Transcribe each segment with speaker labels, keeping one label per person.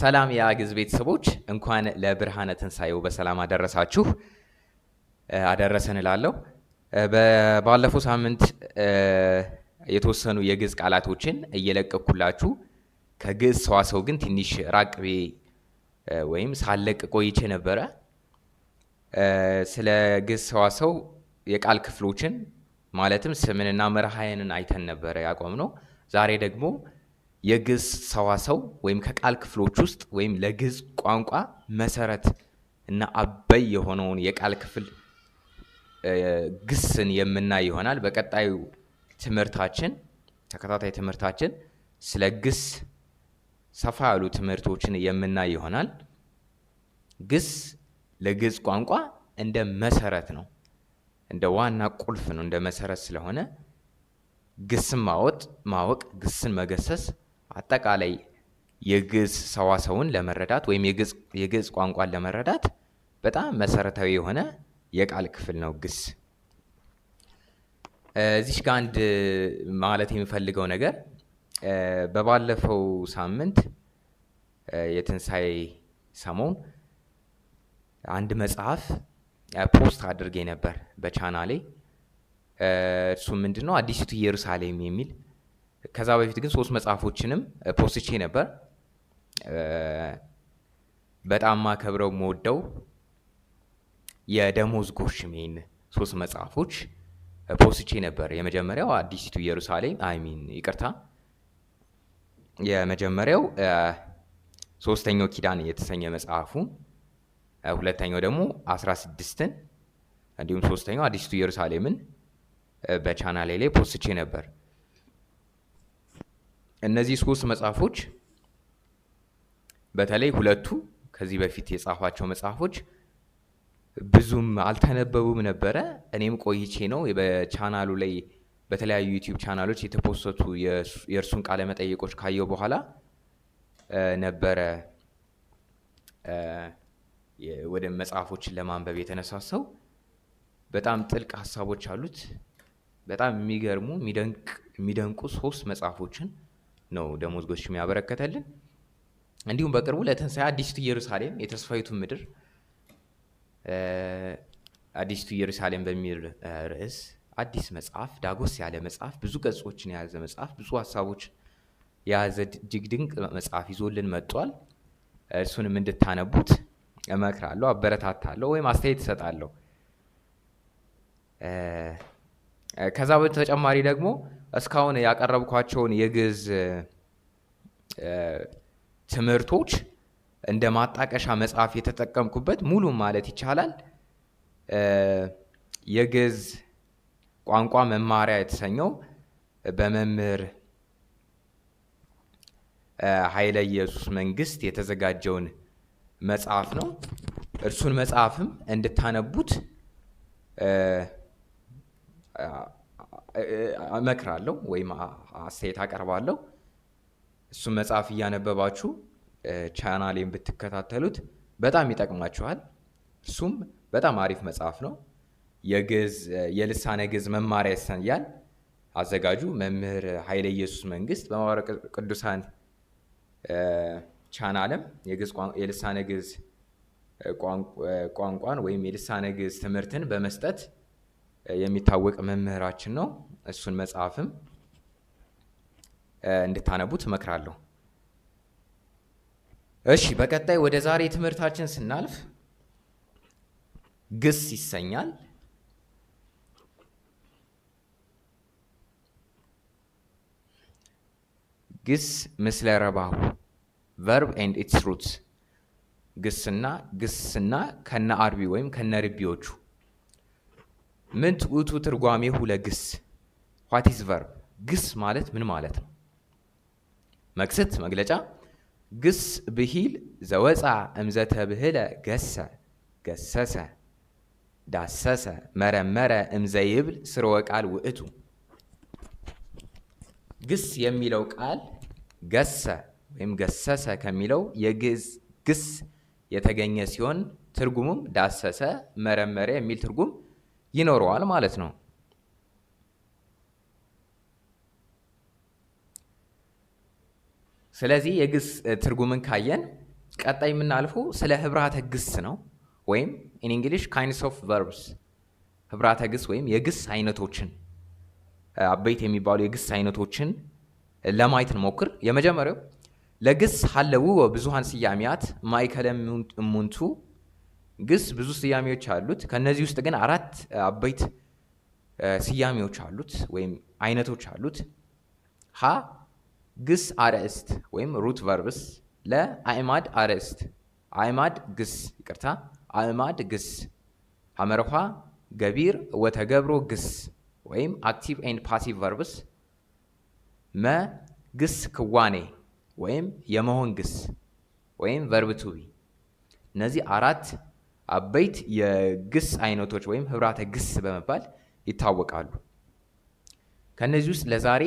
Speaker 1: ሰላም የአግዝ ቤተሰቦች እንኳን ለብርሃነ ትንሣኤው በሰላም አደረሳችሁ አደረሰን እላለሁ። ባለፈው ሳምንት የተወሰኑ የግዕዝ ቃላቶችን እየለቀኩላችሁ ከግዕዝ ሰዋሰው ግን ትንሽ ራቅቤ ወይም ሳለቅ ቆይቼ ነበረ። ስለ ግዕዝ ሰዋሰው የቃል ክፍሎችን ማለትም ስምንና መርሃየንን አይተን ነበረ ያቆም ነው። ዛሬ ደግሞ የግዕዝ ሰዋሰው ወይም ከቃል ክፍሎች ውስጥ ወይም ለግዕዝ ቋንቋ መሰረት እና አበይ የሆነውን የቃል ክፍል ግስን የምናይ ይሆናል። በቀጣዩ ትምህርታችን ተከታታይ ትምህርታችን ስለ ግስ ሰፋ ያሉ ትምህርቶችን የምናይ ይሆናል። ግስ ለግዕዝ ቋንቋ እንደ መሰረት ነው፣ እንደ ዋና ቁልፍ ነው፣ እንደ መሰረት ስለሆነ ግስን ማወቅ ማወቅ፣ ግስን መገሰስ አጠቃላይ የግዕዝ ሰዋሰውን ለመረዳት ወይም የግዕዝ ቋንቋን ለመረዳት በጣም መሰረታዊ የሆነ የቃል ክፍል ነው ግስ። እዚሽ ጋር አንድ ማለት የሚፈልገው ነገር በባለፈው ሳምንት የትንሣኤ ሰሞን አንድ መጽሐፍ ፖስት አድርጌ ነበር በቻናሌ። እሱ ምንድን ነው አዲሲቱ ኢየሩሳሌም የሚል ከዛ በፊት ግን ሶስት መጽሐፎችንም ፖስቼ ነበር። በጣም ማከብረው መወደው የደሞዝ ጎሽሜን ሶስት መጽሐፎች ፖስቼ ነበር። የመጀመሪያው አዲሲቱ ኢየሩሳሌም አይሚን ይቅርታ፣ የመጀመሪያው ሶስተኛው ኪዳን የተሰኘ መጽሐፉ፣ ሁለተኛው ደግሞ አስራ ስድስትን እንዲሁም ሶስተኛው አዲሲቱ ኢየሩሳሌምን በቻናሌ ላይ ፖስቼ ነበር። እነዚህ ሶስት መጽሐፎች በተለይ ሁለቱ ከዚህ በፊት የጻፏቸው መጽሐፎች ብዙም አልተነበቡም ነበረ። እኔም ቆይቼ ነው በቻናሉ ላይ በተለያዩ ዩቲዩብ ቻናሎች የተፖሰቱ የእርሱን ቃለ መጠይቆች ካየው በኋላ ነበረ ወደ መጽሐፎችን ለማንበብ የተነሳሰው። በጣም ጥልቅ ሀሳቦች አሉት። በጣም የሚገርሙ የሚደንቁ ሶስት መጽሐፎችን ነው ደሞዝ ጎሽም ያበረከተልን። እንዲሁም በቅርቡ ለትንሳኤ አዲስቱ ኢየሩሳሌም የተስፋዊቱ ምድር አዲስቱ ኢየሩሳሌም በሚል ርዕስ አዲስ መጽሐፍ፣ ዳጎስ ያለ መጽሐፍ፣ ብዙ ገጾችን የያዘ መጽሐፍ፣ ብዙ ሀሳቦች የያዘ እጅግ ድንቅ መጽሐፍ ይዞልን መጥቷል። እርሱንም እንድታነቡት እመክራለሁ፣ አበረታታለሁ፣ ወይም አስተያየት እሰጣለሁ። ከዛ በተጨማሪ ደግሞ እስካሁን ያቀረብኳቸውን የግዕዝ ትምህርቶች እንደ ማጣቀሻ መጽሐፍ የተጠቀምኩበት ሙሉ ማለት ይቻላል የግዕዝ ቋንቋ መማሪያ የተሰኘው በመምህር ኃይለ ኢየሱስ መንግስት የተዘጋጀውን መጽሐፍ ነው። እርሱን መጽሐፍም እንድታነቡት እመክራለሁ ወይም አስተያየት አቀርባለሁ። እሱ መጽሐፍ እያነበባችሁ ቻናሌን ብትከታተሉት በጣም ይጠቅማችኋል። እሱም በጣም አሪፍ መጽሐፍ ነው። የግዕዝ የልሳነ ግዕዝ መማሪያ ያሰኛል። አዘጋጁ መምህር ኃይለ ኢየሱስ መንግስት በማህበረ ቅዱሳን ቻናልም የልሳነ ግዕዝ ቋንቋን ወይም የልሳነ ግዕዝ ትምህርትን በመስጠት የሚታወቅ መምህራችን ነው። እሱን መጽሐፍም እንድታነቡት ትመክራለሁ። እሺ፣ በቀጣይ ወደ ዛሬ ትምህርታችን ስናልፍ ግስ ይሰኛል። ግስ ምስለ ረባሁ ቨርብ ኤንድ ኢትስ ሩትስ ግስና ግስና ከነ አርቢ ወይም ከነ ርቢዎቹ ምን ውእቱ ትርጓሜሁ ለግስ ዋት ኢዝ ቨርብ ግስ ማለት ምን ማለት ነው? መቅስት መግለጫ ግስ ብሂል ዘወፃ እምዘተ ብህለ ገሰ ገሰሰ ዳሰሰ መረመረ እምዘይብል ስርወ ቃል ውእቱ ግስ የሚለው ቃል ገሰ ወይም ገሰሰ ከሚለው የግዕዝ ግስ የተገኘ ሲሆን ትርጉሙም ዳሰሰ፣ መረመረ የሚል ትርጉም ይኖረዋል ማለት ነው። ስለዚህ የግስ ትርጉምን ካየን ቀጣይ የምናልፉ ስለ ህብራተ ግስ ነው ወይም ኢን እንግሊሽ ካይንድስ ኦፍ ቨርብስ ህብራተ ግስ ወይም የግስ አይነቶችን አበይት የሚባሉ የግስ አይነቶችን ለማየት እንሞክር። የመጀመሪያው ለግስ ሀለውወ ብዙሀን ስያሜያት ማይከለ ሙንቱ ግስ ብዙ ስያሜዎች አሉት። ከነዚህ ውስጥ ግን አራት አበይት ስያሜዎች አሉት ወይም አይነቶች አሉት። ሀ ግስ አርእስት ወይም ሩት ቨርብስ፣ ለ አእማድ አርእስት አእማድ ግስ ይቅርታ፣ አእማድ ግስ፣ ሐመርኋ ገቢር ወተገብሮ ግስ ወይም አክቲቭ ኤንድ ፓሲቭ ቨርብስ፣ መ ግስ ክዋኔ ወይም የመሆን ግስ ወይም ቨርብ ቱቢ እነዚህ አራት አበይት የግስ አይነቶች ወይም ህብራተ ግስ በመባል ይታወቃሉ። ከእነዚህ ውስጥ ለዛሬ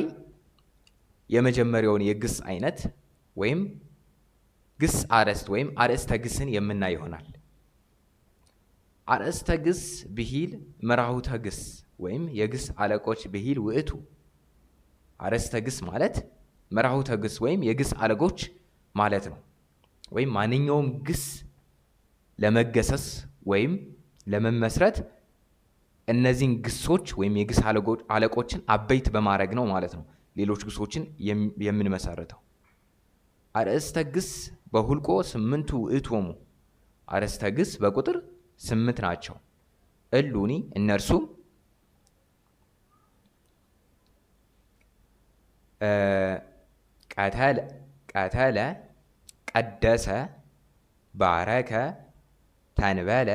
Speaker 1: የመጀመሪያውን የግስ አይነት ወይም ግስ አርዕስት ወይም አርዕስተ ግስን የምናይ ይሆናል። አርዕስተ ግስ ብሂል መራሁተ ግስ ወይም የግስ አለቆች ብሂል ውእቱ። አርዕስተ ግስ ማለት መራሁተ ግስ ወይም የግስ አለቆች ማለት ነው። ወይም ማንኛውም ግስ ለመገሰስ ወይም ለመመስረት እነዚህን ግሶች ወይም የግስ አለቆችን አበይት በማድረግ ነው ማለት ነው ሌሎች ግሶችን የምንመሰርተው። አርእስተ ግስ በሁልቆ ስምንቱ እቶሙ አርእስተ ግስ በቁጥር ስምንት ናቸው። እሉኒ እነርሱም ቀተለ፣ ቀደሰ፣ ባረከ ተንበለ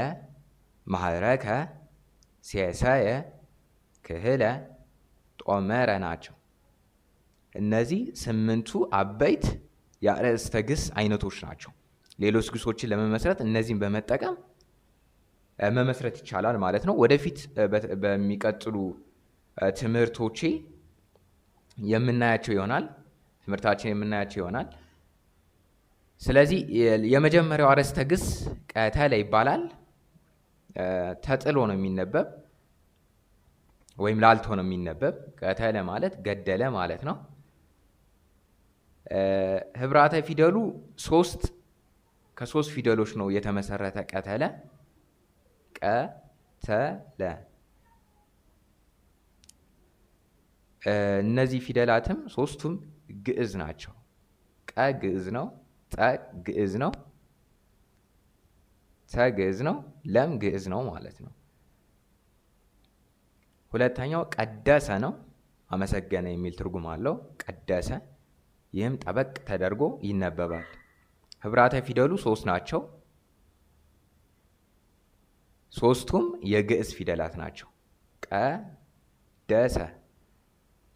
Speaker 1: ማህረከ ሴሰየ ክህለ ጦመረ ናቸው። እነዚህ ስምንቱ አበይት የአርእስተ ግስ አይነቶች ናቸው። ሌሎች ግሶችን ለመመስረት እነዚህን በመጠቀም መመስረት ይቻላል ማለት ነው። ወደፊት በሚቀጥሉ ትምህርቶቼ የምናያቸው ይሆናል። ትምህርታችን የምናያቸው ይሆናል። ስለዚህ የመጀመሪያው አረስተ ግስ ቀተለ ይባላል። ተጥሎ ነው የሚነበብ ወይም ላልቶ ነው የሚነበብ። ቀተለ ማለት ገደለ ማለት ነው። ህብራተ ፊደሉ ሶስት ከሶስት ፊደሎች ነው የተመሰረተ። ቀተለ ቀተለ። እነዚህ ፊደላትም ሶስቱም ግዕዝ ናቸው። ቀ ግዕዝ ነው። ጠ ግዕዝ ነው። ተ ግዕዝ ነው። ለም ግዕዝ ነው ማለት ነው። ሁለተኛው ቀደሰ ነው። አመሰገነ የሚል ትርጉም አለው። ቀደሰ ይህም ጠበቅ ተደርጎ ይነበባል። ህብራተ ፊደሉ ሶስት ናቸው። ሶስቱም የግዕዝ ፊደላት ናቸው። ቀደሰ።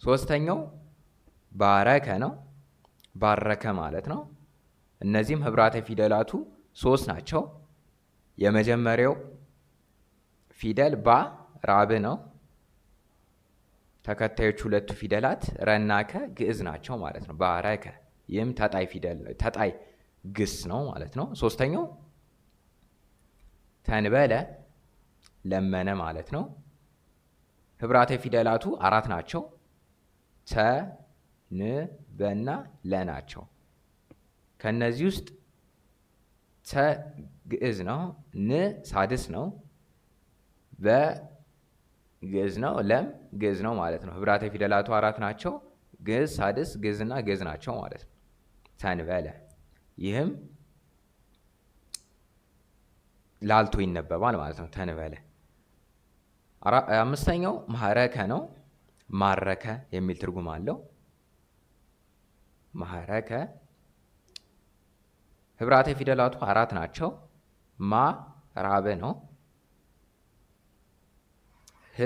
Speaker 1: ሶስተኛው ባረከ ነው። ባረከ ማለት ነው። እነዚህም ህብራተ ፊደላቱ ሶስት ናቸው። የመጀመሪያው ፊደል ባ ራብ ነው። ተከታዮቹ ሁለቱ ፊደላት ረና ከ ግዕዝ ናቸው ማለት ነው። ባረከ ይህም ተጣይ ፊደል ተጣይ ግስ ነው ማለት ነው። ሶስተኛው ተንበለ ለመነ ማለት ነው። ህብራተ ፊደላቱ አራት ናቸው። ተ ን በና ለናቸው ከእነዚህ ውስጥ ተ ግዕዝ ነው። ን ሳድስ ነው። በ ግዕዝ ነው። ለም ግዕዝ ነው ማለት ነው። ህብራተ ፊደላቱ አራት ናቸው። ግዕዝ፣ ሳድስ፣ ግዕዝና ግዕዝ ናቸው ማለት ነው። ተንበለ ይህም ላልቶ ይነበባል ማለት ነው። ተንበለ አምስተኛው ማረከ ነው። ማረከ የሚል ትርጉም አለው። ማረከ ህብራተ ፊደላቱ አራት ናቸው። ማ ራበ ነው። ህ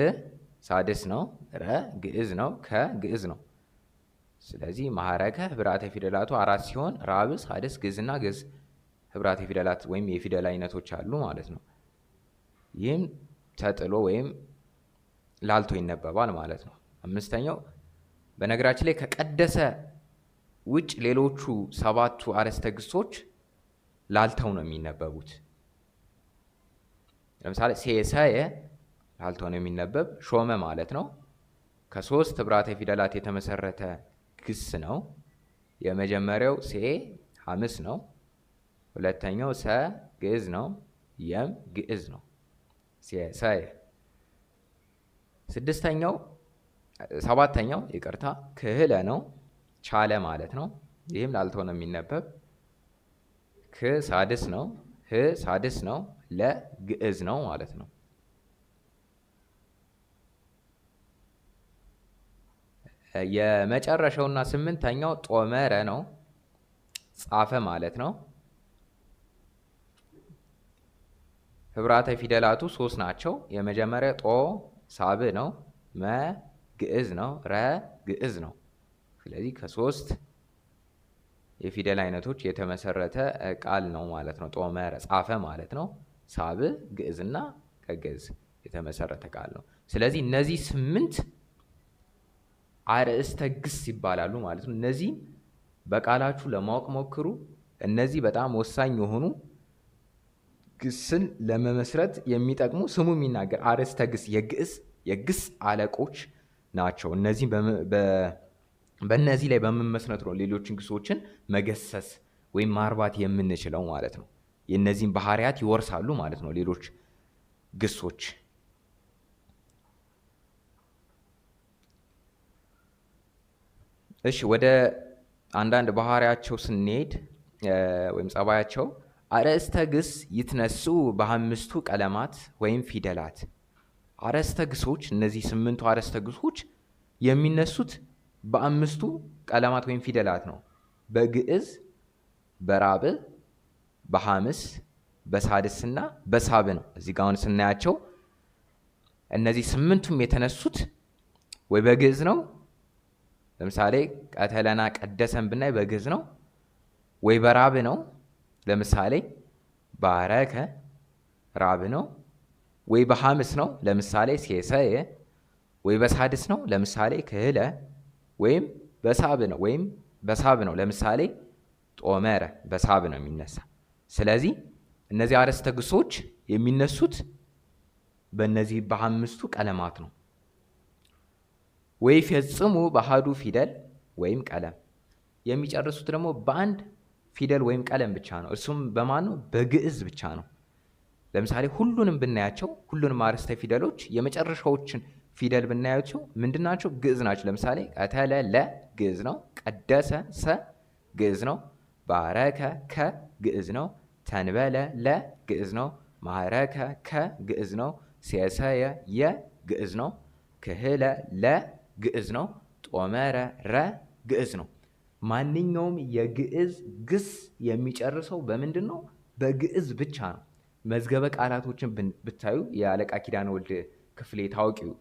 Speaker 1: ሳድስ ነው። ረ ግዕዝ ነው። ከ ግዕዝ ነው። ስለዚህ ማዕረገ ህብራተ ፊደላቱ አራት ሲሆን ራብ፣ ሳድስ፣ ግዕዝና ግዕዝ ህብራተ ፊደላት ወይም የፊደል አይነቶች አሉ ማለት ነው። ይህም ተጥሎ ወይም ላልቶ ይነበባል ማለት ነው። አምስተኛው በነገራችን ላይ ከቀደሰ ውጭ ሌሎቹ ሰባቱ አረስተ ግሶች ላልተው ነው የሚነበቡት። ለምሳሌ ሴሰየ ላልተው ነው የሚነበብ ሾመ ማለት ነው። ከሶስት ህብራተ ፊደላት የተመሰረተ ግስ ነው። የመጀመሪያው ሴ ሐምስ ነው። ሁለተኛው ሰ ግዕዝ ነው። የም ግዕዝ ነው። ሴሰየ ስድስተኛው ሰባተኛው ይቅርታ ክህለ ነው። ቻለ ማለት ነው። ይህም ላልተው ነው የሚነበብ ክ ሳድስ ነው። ህ ሳድስ ነው። ለ ግዕዝ ነው ማለት ነው። የመጨረሻውና ስምንተኛው ጦመረ ነው፣ ጻፈ ማለት ነው። ህብራተ ፊደላቱ ሶስት ናቸው። የመጀመሪያ ጦ ሳብ ነው። መ ግዕዝ ነው። ረ ግዕዝ ነው። ስለዚህ ከሶስት የፊደል አይነቶች የተመሰረተ ቃል ነው ማለት ነው። ጦመረ ጻፈ ማለት ነው። ሳብ ግዕዝና ከግዕዝ የተመሰረተ ቃል ነው። ስለዚህ እነዚህ ስምንት አርእስተ ግስ ይባላሉ ማለት ነው። እነዚህም በቃላችሁ ለማወቅ ሞክሩ። እነዚህ በጣም ወሳኝ የሆኑ ግስን ለመመስረት የሚጠቅሙ ስሙ የሚናገር አርእስተ ግስ የግስ አለቆች ናቸው። እነዚህ በእነዚህ ላይ በመመስረት ነው ሌሎችን ክሶችን መገሰስ ወይም ማርባት የምንችለው ማለት ነው። የእነዚህን ባህሪያት ይወርሳሉ ማለት ነው ሌሎች ግሶች። እሺ ወደ አንዳንድ ባህሪያቸው ስንሄድ ወይም ጸባያቸው አርእስተ ግስ ይትነሱ በአምስቱ ቀለማት ወይም ፊደላት። አርእስተ ግሶች እነዚህ ስምንቱ አርእስተ ግሶች የሚነሱት በአምስቱ ቀለማት ወይም ፊደላት ነው። በግዕዝ፣ በራብ በሐምስ፣ በሳድስና በሳብ ነው። እዚህ ጋር አሁን ስናያቸው እነዚህ ስምንቱም የተነሱት ወይ በግዕዝ ነው። ለምሳሌ ቀተለና ቀደሰን ብናይ በግዕዝ ነው። ወይ በራብ ነው። ለምሳሌ ባረከ ራብ ነው። ወይ በሐምስ ነው። ለምሳሌ ሴሰየ። ወይ በሳድስ ነው። ለምሳሌ ክህለ ወይም በሳብ ነው ወይም በሳብ ነው። ለምሳሌ ጦመረ በሳብ ነው የሚነሳ። ስለዚህ እነዚህ አረስተ ግሶች የሚነሱት በእነዚህ በአምስቱ ቀለማት ነው። ወይ ፈጽሙ በአሐዱ ፊደል ወይም ቀለም የሚጨርሱት ደግሞ በአንድ ፊደል ወይም ቀለም ብቻ ነው። እሱም በማን ነው? በግዕዝ ብቻ ነው። ለምሳሌ ሁሉንም ብናያቸው ሁሉንም አረስተ ፊደሎች የመጨረሻዎችን ፊደል ብናያቸው ምንድን ናቸው? ግዕዝ ናቸው። ለምሳሌ ቀተለ ለ ግዕዝ ነው። ቀደሰ ሰ ግዕዝ ነው። ባረከ ከ ግዕዝ ነው። ተንበለ ለ ግዕዝ ነው። ማረከ ከ ግዕዝ ነው። ሴሰየ የ ግዕዝ ነው። ክህለ ለ ግዕዝ ነው። ጦመረ ረ ግዕዝ ነው። ማንኛውም የግዕዝ ግስ የሚጨርሰው በምንድን ነው? በግዕዝ ብቻ ነው። መዝገበ ቃላቶችን ብታዩ የአለቃ ኪዳነ ወልድ ክፍሌ ታዋቂው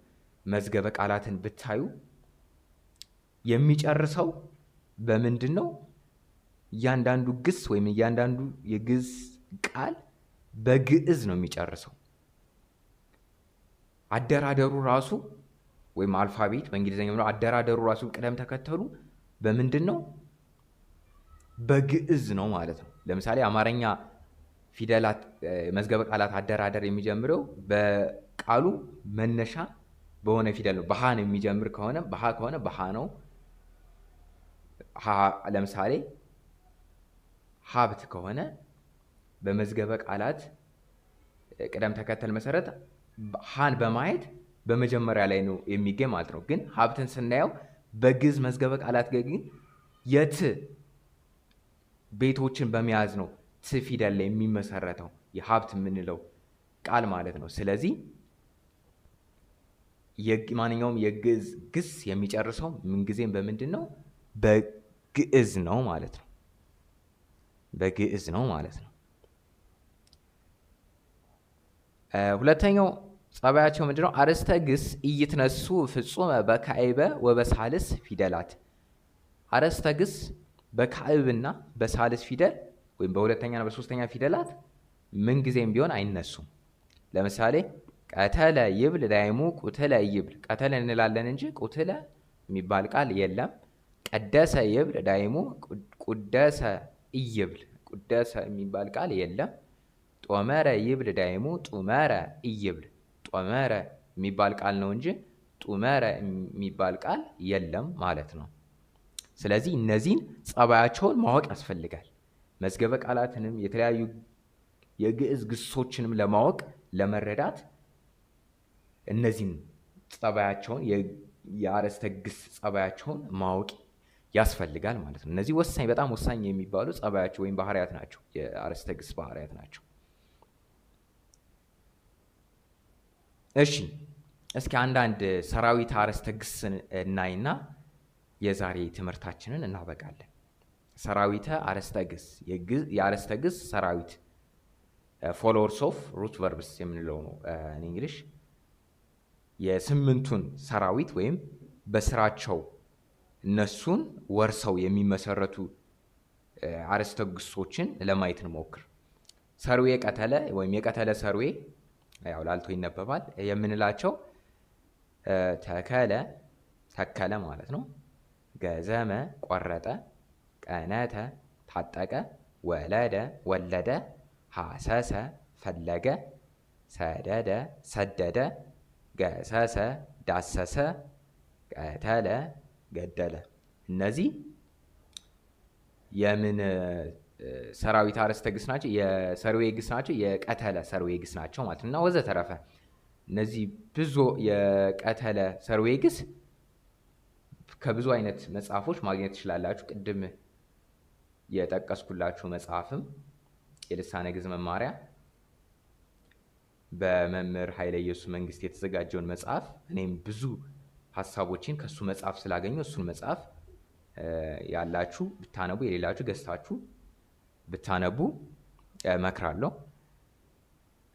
Speaker 1: መዝገበ ቃላትን ብታዩ የሚጨርሰው በምንድን ነው? እያንዳንዱ ግስ ወይም እያንዳንዱ የግዝ ቃል በግዕዝ ነው የሚጨርሰው። አደራደሩ ራሱ ወይም አልፋቤት በእንግሊዝኛ ነው። አደራደሩ ራሱ ቅደም ተከተሉ በምንድን ነው? በግዕዝ ነው ማለት ነው። ለምሳሌ አማርኛ ፊደላት መዝገበ ቃላት አደራደር የሚጀምረው በቃሉ መነሻ በሆነ ፊደል ነው። በሃ ነው የሚጀምር ከሆነ በሃ ከሆነ በሃ ነው። ለምሳሌ ሀብት ከሆነ በመዝገበ ቃላት ቅደም ተከተል መሰረት ሃን በማየት በመጀመሪያ ላይ ነው የሚገኝ ማለት ነው። ግን ሀብትን ስናየው በግዝ መዝገበ ቃላት ግን የት ቤቶችን በመያዝ ነው ት ፊደል ላይ የሚመሰረተው የሀብት የምንለው ቃል ማለት ነው። ስለዚህ ማንኛውም የግዕዝ ግስ የሚጨርሰው ምንጊዜም በምንድን ነው? በግዕዝ ነው ማለት ነው። በግዕዝ ነው ማለት ነው። ሁለተኛው ጸባያቸው ምንድ ነው? አርስተ ግስ እይትነሱ ፍጹመ በካይበ ወበሳልስ ፊደላት። አርስተ ግስ በካዕብና በሳልስ ፊደል ወይም በሁለተኛና በሶስተኛ ፊደላት ምንጊዜም ቢሆን አይነሱም። ለምሳሌ ቀተለ ይብል ዳይሙ ቁትለ ይብል ቀተለ እንላለን እንጂ ቁትለ የሚባል ቃል የለም። ቀደሰ ይብል ዳይሙ ቁደሰ ይብል ቁደሰ የሚባል ቃል የለም። ጦመረ ይብል ዳይሙ ጡመረ ይብል ጦመረ የሚባል ቃል ነው እንጂ ጡመረ የሚባል ቃል የለም ማለት ነው። ስለዚህ እነዚህን ጸባያቸውን ማወቅ ያስፈልጋል። መዝገበ ቃላትንም የተለያዩ የግዕዝ ግሶችንም ለማወቅ ለመረዳት እነዚህን ጸባያቸውን የአረስተ ግስ ጸባያቸውን ማወቅ ያስፈልጋል ማለት ነው። እነዚህ ወሳኝ በጣም ወሳኝ የሚባሉ ጸባያቸው ወይም ባህርያት ናቸው፣ የአረስተ ግስ ባህሪያት ናቸው። እሺ እስኪ አንዳንድ ሰራዊት አረስተ ግስን እናይና የዛሬ ትምህርታችንን እናበቃለን። ሰራዊተ አረስተ ግስ የአረስተ ግስ ሰራዊት ፎሎወርስ ኦፍ ሩት ቨርብስ የምንለው ነው እንግሊሽ የስምንቱን ሰራዊት ወይም በስራቸው እነሱን ወርሰው የሚመሰረቱ አርዕስተ ግሶችን ለማየት እንሞክር። ሰርዌ ቀተለ ወይም የቀተለ ሰርዌ ያው ላልቶ ይነበባል የምንላቸው ተከለ ተከለ ማለት ነው። ገዘመ ቆረጠ፣ ቀነተ ታጠቀ፣ ወለደ ወለደ፣ ሐሰሰ ፈለገ፣ ሰደደ ሰደደ ገሰሰ፣ ዳሰሰ፣ ቀተለ፣ ገደለ እነዚህ የምን ሰራዊት አረስተ ግስ ናቸው? የሰርዌ ግስ ናቸው። የቀተለ ሰርዌ ግስ ናቸው ማለት እና ወዘተረፈ እነዚህ ብዙ የቀተለ ሰርዌ ግስ ከብዙ አይነት መጽሐፎች ማግኘት ትችላላችሁ። ቅድም የጠቀስኩላችሁ መጽሐፍም የልሳነ ግዕዝ መማሪያ በመምህር ኃይለ ኢየሱስ መንግስት የተዘጋጀውን መጽሐፍ እኔም ብዙ ሀሳቦችን ከእሱ መጽሐፍ ስላገኘ እሱን መጽሐፍ ያላችሁ ብታነቡ የሌላችሁ ገዝታችሁ ብታነቡ እመክራለሁ።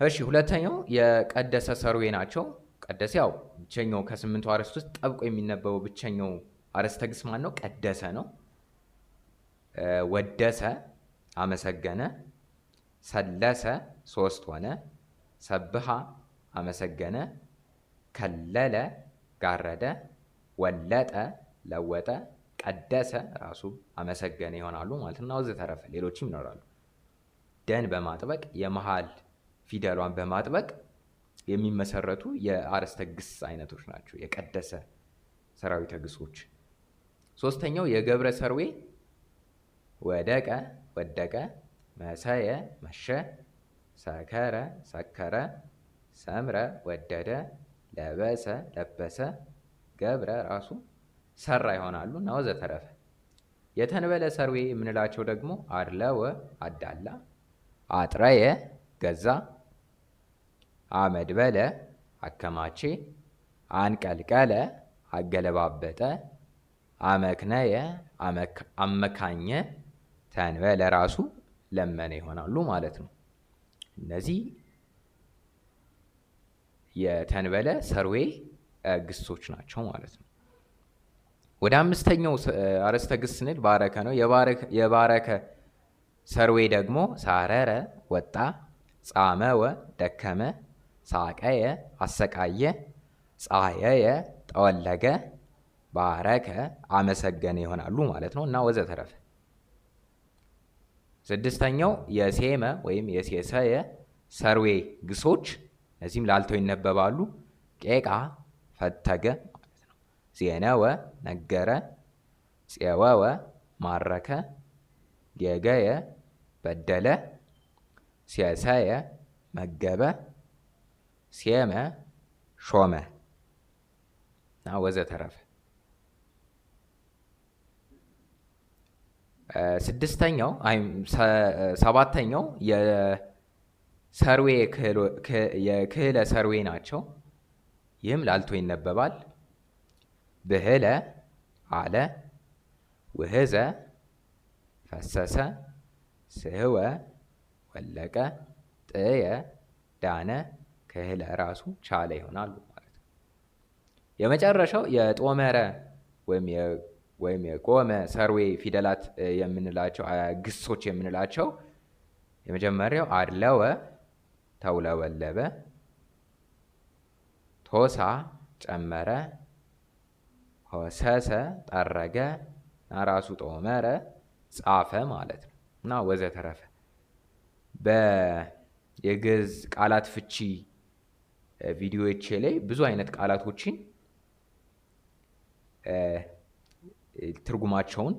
Speaker 1: እሺ፣ ሁለተኛው የቀደሰ ሰሩዌ ናቸው። ቀደሰ ያው ብቸኛው ከስምንቱ አርዕስት ውስጥ ጠብቆ የሚነበበው ብቸኛው አርዕስተ ግስ ማን ነው? ቀደሰ ነው። ወደሰ አመሰገነ፣ ሰለሰ ሶስት ሆነ ሰብሃ አመሰገነ፣ ከለለ ጋረደ፣ ወለጠ ለወጠ፣ ቀደሰ ራሱ አመሰገነ ይሆናሉ ማለት ነው። ወዘተረፈ ሌሎችም ይኖራሉ። ደን በማጥበቅ የመሃል ፊደሏን በማጥበቅ የሚመሰረቱ የአረስተ ግስ አይነቶች ናቸው። የቀደሰ ሰራዊተ ግሶች። ሶስተኛው የገብረ ሰርዌ ወደቀ፣ ወደቀ፣ መሰየ፣ መሸ ሰከረ ሰከረ ሰምረ ወደደ ለበሰ ለበሰ ገብረ ራሱ ሰራ ይሆናሉ እና ወዘተረፈ። የተንበለ ሰርዌ የምንላቸው ደግሞ አድለወ አዳላ፣ አጥረየ ገዛ፣ በለ አከማቼ፣ አንቀልቀለ አገለባበጠ፣ አመክነየ አመካኘ፣ ተንበለ ራሱ ለመነ ይሆናሉ ማለት ነው። እነዚህ የተንበለ ሰርዌ ግሶች ናቸው ማለት ነው። ወደ አምስተኛው አረስተ ግስ ስንል ባረከ ነው። የባረከ ሰርዌ ደግሞ ሳረረ፣ ወጣ፣ ጻመወ፣ ደከመ፣ ሳቀየ፣ አሰቃየ፣ ጻየየ፣ ጠወለገ፣ ባረከ፣ አመሰገነ ይሆናሉ ማለት ነው እና ወዘተረፈ ስድስተኛው የሴመ ወይም የሴሰየ ሰርዌ ግሶች እነዚህም ላልተው ይነበባሉ። ቄቃ ፈተገ ማለት ነው። ዜነወ ነገረ፣ ፄወወ ማረከ፣ ጌገየ በደለ፣ ሴሰየ መገበ፣ ሴመ ሾመ እና ወዘተረፈ ስድስተኛው ሰባተኛው የሰርዌ የክህለ ሰርዌ ናቸው። ይህም ላልቶ ይነበባል። ብህለ አለ፣ ውህዘ ፈሰሰ፣ ስህወ ወለቀ፣ ጥየ ዳነ፣ ክህለ ራሱ ቻለ ይሆናሉ ማለት ነው። የመጨረሻው የጦመረ ወይም ወይም የቆመ ሰርዌ ፊደላት የምንላቸው ግሶች የምንላቸው የመጀመሪያው አድለወ፣ ተውለበለበ፣ ቶሳ ጨመረ፣ ሆሰሰ ጠረገ ራሱ ጦመረ ጻፈ ማለት ነው እና ወዘተረፈ በየግዕዝ ቃላት ፍቺ ቪዲዮዎቼ ላይ ብዙ አይነት ቃላቶችን ትርጉማቸውን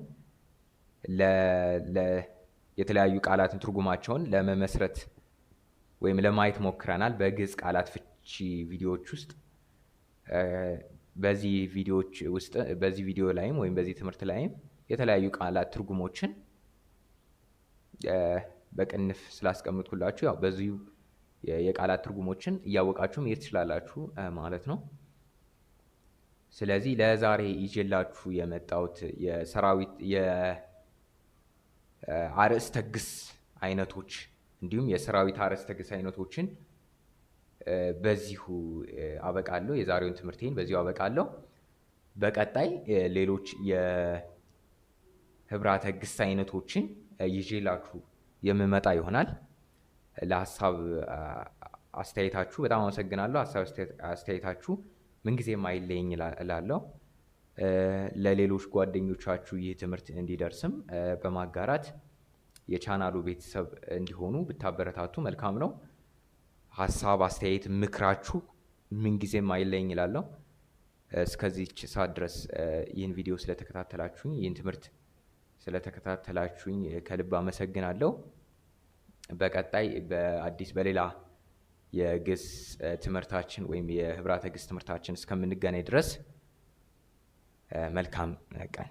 Speaker 1: የተለያዩ ቃላትን ትርጉማቸውን ለመመስረት ወይም ለማየት ሞክረናል በግዕዝ ቃላት ፍቺ ቪዲዮዎች ውስጥ። በዚህ ቪዲዮዎች ውስጥ በዚህ ቪዲዮ ላይም ወይም በዚህ ትምህርት ላይም የተለያዩ ቃላት ትርጉሞችን በቅንፍ ስላስቀምጥኩላችሁ ያው በዚሁ የቃላት ትርጉሞችን እያወቃችሁ መሄድ ትችላላችሁ ማለት ነው። ስለዚህ ለዛሬ ይዤላችሁ የመጣሁት የሰራዊት የአርዕስተ ግስ አይነቶች እንዲሁም የሰራዊት አርዕስተ ግስ አይነቶችን በዚሁ አበቃለሁ። የዛሬውን ትምህርቴን በዚሁ አበቃለሁ። በቀጣይ ሌሎች የኅብራተ ግስ አይነቶችን ይዤላችሁ የምመጣ ይሆናል። ለሀሳብ አስተያየታችሁ በጣም አመሰግናለሁ። ሀሳብ አስተያየታችሁ ምንጊዜም ማይለኝ እላለሁ። ለሌሎች ጓደኞቻችሁ ይህ ትምህርት እንዲደርስም በማጋራት የቻናሉ ቤተሰብ እንዲሆኑ ብታበረታቱ መልካም ነው። ሀሳብ፣ አስተያየት፣ ምክራችሁ ምንጊዜም ማይለኝ እላለሁ። እስከዚህ ሰዓት ድረስ ይህን ቪዲዮ ስለተከታተላችሁኝ፣ ይህን ትምህርት ስለተከታተላችሁኝ ከልብ አመሰግናለሁ። በቀጣይ በአዲስ በሌላ የግስ ትምህርታችን ወይም የህብራተ ግስ ትምህርታችን እስከምንገናኝ ድረስ መልካም ቀን